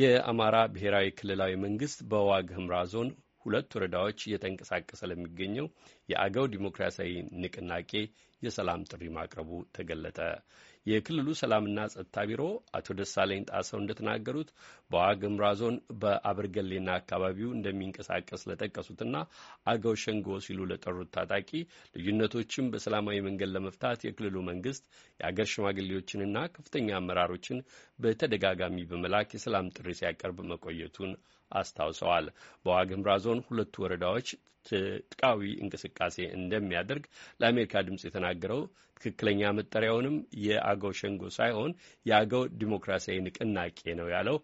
የአማራ ብሔራዊ ክልላዊ መንግስት በዋግ ህምራ ዞን ሁለት ወረዳዎች እየተንቀሳቀሰ ለሚገኘው የአገው ዲሞክራሲያዊ ንቅናቄ የሰላም ጥሪ ማቅረቡ ተገለጠ። የክልሉ ሰላምና ጸጥታ ቢሮ አቶ ደሳለኝ ጣሰው እንደተናገሩት በዋግምራ ዞን በአብርገሌና አካባቢው እንደሚንቀሳቀስ ለጠቀሱትና አገው ሸንጎ ሲሉ ለጠሩት ታጣቂ ልዩነቶችን በሰላማዊ መንገድ ለመፍታት የክልሉ መንግስት የአገር ሽማግሌዎችንና ከፍተኛ አመራሮችን በተደጋጋሚ በመላክ የሰላም ጥሪ ሲያቀርብ መቆየቱን አስታውሰዋል። በዋግምራ ዞን ሁለቱ ወረዳዎች ትጥቃዊ እንቅስቃሴ እንደሚያደርግ ለአሜሪካ ድምፅ የተናገረው ትክክለኛ መጠሪያውንም የአገው ሸንጎ ሳይሆን የአገው ዲሞክራሲያዊ ንቅናቄ ነው ያለው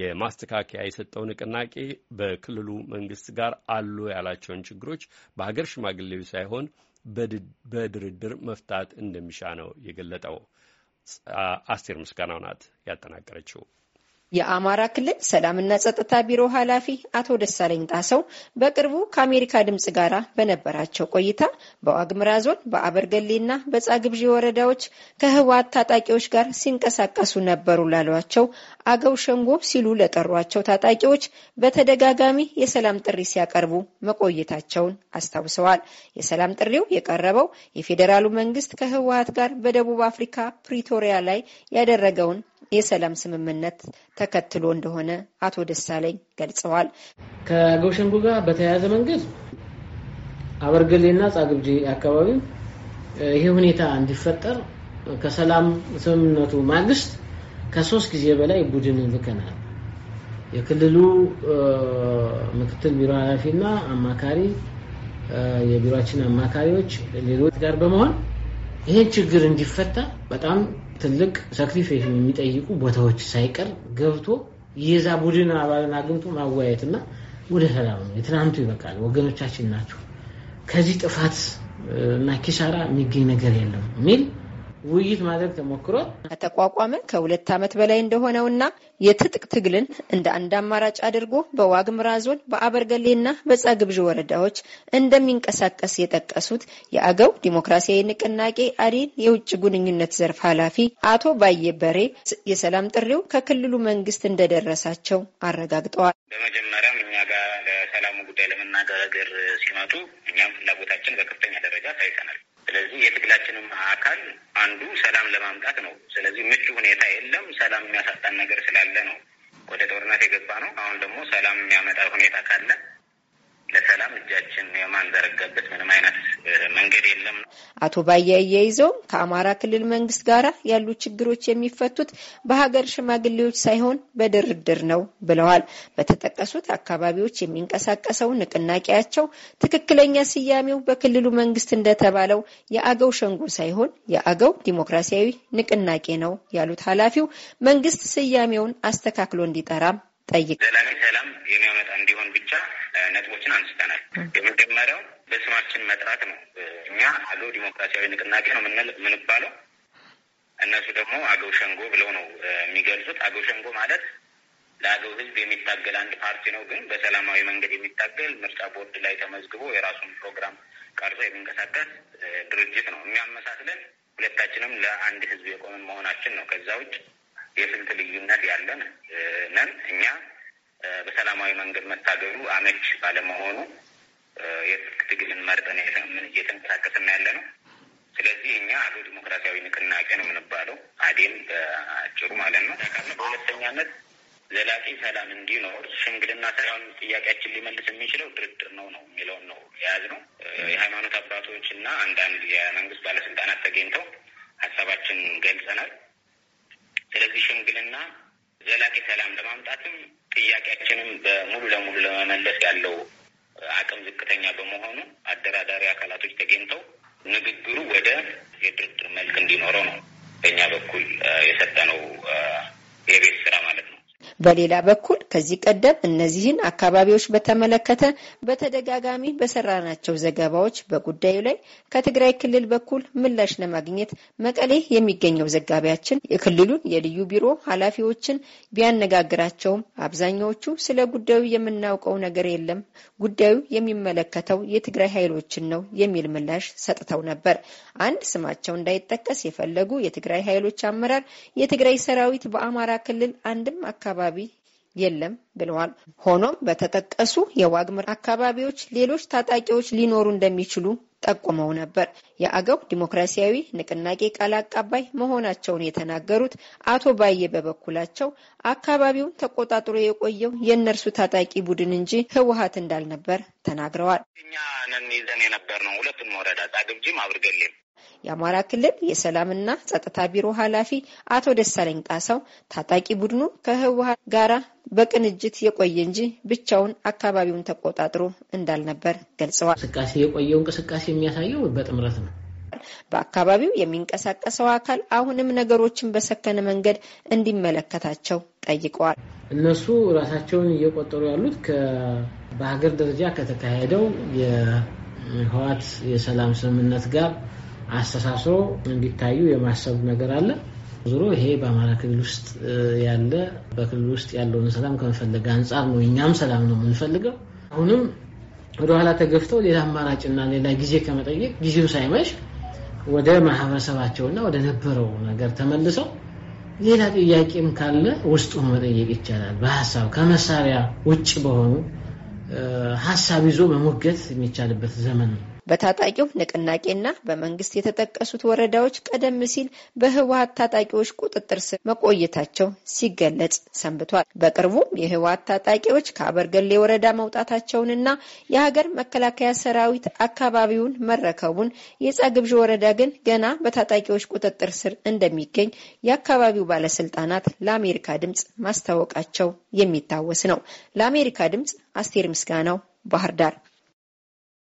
የማስተካከያ የሰጠው ንቅናቄ በክልሉ መንግስት ጋር አሉ ያላቸውን ችግሮች በሀገር ሽማግሌዊ ሳይሆን በድርድር መፍታት እንደሚሻ ነው የገለጠው። አስቴር ምስጋናው ናት ያጠናቀረችው። የአማራ ክልል ሰላምና ጸጥታ ቢሮ ኃላፊ አቶ ደሳለኝ ጣሰው በቅርቡ ከአሜሪካ ድምፅ ጋር በነበራቸው ቆይታ በዋግምራ ዞን በአበርገሌና በጻግብዢ ወረዳዎች ከህወሓት ታጣቂዎች ጋር ሲንቀሳቀሱ ነበሩ ላሏቸው አገው ሸንጎ ሲሉ ለጠሯቸው ታጣቂዎች በተደጋጋሚ የሰላም ጥሪ ሲያቀርቡ መቆየታቸውን አስታውሰዋል። የሰላም ጥሪው የቀረበው የፌዴራሉ መንግስት ከህወሓት ጋር በደቡብ አፍሪካ ፕሪቶሪያ ላይ ያደረገውን የሰላም ስምምነት ተከትሎ እንደሆነ አቶ ደሳለኝ ገልጸዋል። ከጎሸንጉ ጋር በተያያዘ መንገድ አበርገሌና ጻግብጂ አካባቢ ይሄ ሁኔታ እንዲፈጠር ከሰላም ስምምነቱ ማግስት ከሶስት ጊዜ በላይ ቡድን ልከናል። የክልሉ ምክትል ቢሮ ኃላፊና አማካሪ የቢሮችን አማካሪዎች ሌሎች ጋር በመሆን ይሄን ችግር እንዲፈታ በጣም ትልቅ ሳክሪፋይስ የሚጠይቁ ቦታዎች ሳይቀር ገብቶ የዛ ቡድን አባልን አግኝቶ ማወያየትና ወደ ሰላም ነው። የትናንቱ ይበቃል። ወገኖቻችን ናቸው። ከዚህ ጥፋት እና ኪሳራ የሚገኝ ነገር የለም የሚል ውይይት ማድረግ ተሞክሮ ከተቋቋመ ከሁለት ዓመት በላይ እንደሆነውና የትጥቅ ትግልን እንደ አንድ አማራጭ አድርጎ በዋግምራ ዞን በአበርገሌና በጻግብዥ ወረዳዎች እንደሚንቀሳቀስ የጠቀሱት የአገው ዲሞክራሲያዊ ንቅናቄ አዴን የውጭ ግንኙነት ዘርፍ ኃላፊ አቶ ባየ በሬ የሰላም ጥሪው ከክልሉ መንግስት እንደደረሳቸው አረጋግጠዋል። በመጀመሪያም እኛ ጋር ለሰላሙ ጉዳይ ለመናገር ሲመጡ እኛም ፍላጎታችን በከፍተኛ ደረጃ ታይተናል። ስለዚህ የትግላችንም አካል አንዱ ሰላም ለማምጣት ነው። ስለዚህ ምቹ ሁኔታ የለም። ሰላም የሚያሳጣን ነገር ስላለ ነው ወደ ጦርነት የገባ ነው። አሁን ደግሞ ሰላም የሚያመጣ ሁኔታ ካለ ለሰላም እጃችን የማንዘረጋበት ምንም አይነት መንገድ የለም። አቶ ባያ አያይዘውም ከአማራ ክልል መንግስት ጋር ያሉ ችግሮች የሚፈቱት በሀገር ሽማግሌዎች ሳይሆን በድርድር ነው ብለዋል። በተጠቀሱት አካባቢዎች የሚንቀሳቀሰው ንቅናቄያቸው ትክክለኛ ስያሜው በክልሉ መንግስት እንደተባለው የአገው ሸንጎ ሳይሆን የአገው ዲሞክራሲያዊ ንቅናቄ ነው ያሉት ኃላፊው መንግስት ስያሜውን አስተካክሎ እንዲጠራም ጠይቅ ዘላቂ ሰላም የሚያመጣ እንዲሆን ብቻ ነጥቦችን አንስተናል። የመጀመሪያው በስማችን መጥራት ነው። እኛ አገው ዲሞክራሲያዊ ንቅናቄ ነው የምንባለው፣ እነሱ ደግሞ አገው ሸንጎ ብለው ነው የሚገልጹት። አገው ሸንጎ ማለት ለአገው ሕዝብ የሚታገል አንድ ፓርቲ ነው። ግን በሰላማዊ መንገድ የሚታገል ምርጫ ቦርድ ላይ ተመዝግቦ የራሱን ፕሮግራም ቀርጾ የሚንቀሳቀስ ድርጅት ነው። የሚያመሳስለን ሁለታችንም ለአንድ ሕዝብ የቆምን መሆናችን ነው። ከዛ ውጭ የስንት ልዩነት ያለን ነን። እኛ በሰላማዊ መንገድ መታገሉ አመች ባለመሆኑ የትጥቅ ትግልን መርጠን ምን ያለ ነው። ስለዚህ እኛ አዶ ዲሞክራሲያዊ ንቅናቄ ነው የምንባለው፣ አዴም በአጭሩ ማለት ነው። በሁለተኛነት ዘላቂ ሰላም እንዲኖር ሽምግልና ሳይሆን ጥያቄያችን ሊመልስ የሚችለው ድርድር ነው ነው የሚለውን ነው የያዝነው። የሃይማኖት አባቶች እና አንዳንድ የመንግስት ባለስልጣናት ተገኝተው ሀሳባችን ገልጸናል። ስለዚህ ሽምግልና ዘላቂ ሰላም ለማምጣትም ጥያቄያችንም በሙሉ ለሙሉ ለመመለስ ያለው አቅም ዝቅተኛ በመሆኑ አደራዳሪ አካላቶች ተገኝተው ንግግሩ ወደ የድርድር መልክ እንዲኖረው ነው በእኛ በኩል የሰጠነው የቤት በሌላ በኩል ከዚህ ቀደም እነዚህን አካባቢዎች በተመለከተ በተደጋጋሚ በሰራናቸው ዘገባዎች በጉዳዩ ላይ ከትግራይ ክልል በኩል ምላሽ ለማግኘት መቀሌ የሚገኘው ዘጋቢያችን የክልሉን የልዩ ቢሮ ኃላፊዎችን ቢያነጋግራቸውም አብዛኛዎቹ ስለ ጉዳዩ የምናውቀው ነገር የለም፣ ጉዳዩ የሚመለከተው የትግራይ ኃይሎችን ነው የሚል ምላሽ ሰጥተው ነበር። አንድ ስማቸው እንዳይጠቀስ የፈለጉ የትግራይ ኃይሎች አመራር የትግራይ ሰራዊት በአማራ ክልል አንድም አካባቢ አካባቢ የለም ብለዋል። ሆኖም በተጠቀሱ የዋግምር አካባቢዎች ሌሎች ታጣቂዎች ሊኖሩ እንደሚችሉ ጠቁመው ነበር። የአገው ዲሞክራሲያዊ ንቅናቄ ቃል አቀባይ መሆናቸውን የተናገሩት አቶ ባዬ በበኩላቸው አካባቢውን ተቆጣጥሮ የቆየው የእነርሱ ታጣቂ ቡድን እንጂ ህወሀት እንዳልነበር ተናግረዋል። እኛ ነን ይዘን የነበር ነው ሁለቱን ወረዳ ጻግብጂም አብርገሌም የአማራ ክልል የሰላምና ጸጥታ ቢሮ ኃላፊ አቶ ደሳለኝ ጣሰው ታጣቂ ቡድኑ ከህወሀት ጋራ በቅንጅት የቆየ እንጂ ብቻውን አካባቢውን ተቆጣጥሮ እንዳልነበር ገልጸዋል። እንቅስቃሴ የቆየው እንቅስቃሴ የሚያሳየው በጥምረት ነው። በአካባቢው የሚንቀሳቀሰው አካል አሁንም ነገሮችን በሰከነ መንገድ እንዲመለከታቸው ጠይቀዋል። እነሱ ራሳቸውን እየቆጠሩ ያሉት በሀገር ደረጃ ከተካሄደው የህዋት የሰላም ስምምነት ጋር አስተሳስሮ እንዲታዩ የማሰብ ነገር አለ። ዞሮ ይሄ በአማራ ክልል ውስጥ ያለ በክልል ውስጥ ያለውን ሰላም ከመፈለገ አንጻር ነው። እኛም ሰላም ነው የምንፈልገው። አሁንም ወደኋላ ተገፍተው ሌላ አማራጭና ሌላ ጊዜ ከመጠየቅ ጊዜው ሳይመሽ ወደ ማህበረሰባቸውና ወደ ነበረው ነገር ተመልሰው ሌላ ጥያቄም ካለ ውስጡ መጠየቅ ይቻላል። በሀሳብ ከመሳሪያ ውጭ በሆኑ ሀሳብ ይዞ መሞገት የሚቻልበት ዘመን ነው። በታጣቂው ንቅናቄና በመንግስት የተጠቀሱት ወረዳዎች ቀደም ሲል በህወሀት ታጣቂዎች ቁጥጥር ስር መቆየታቸው ሲገለጽ ሰንብቷል። በቅርቡም የህወሀት ታጣቂዎች ከአበርገሌ ወረዳ መውጣታቸውንና የሀገር መከላከያ ሰራዊት አካባቢውን መረከቡን፣ የጻግብዥ ወረዳ ግን ገና በታጣቂዎች ቁጥጥር ስር እንደሚገኝ የአካባቢው ባለስልጣናት ለአሜሪካ ድምጽ ማስታወቃቸው የሚታወስ ነው። ለአሜሪካ ድምጽ አስቴር ምስጋናው ባህር ዳር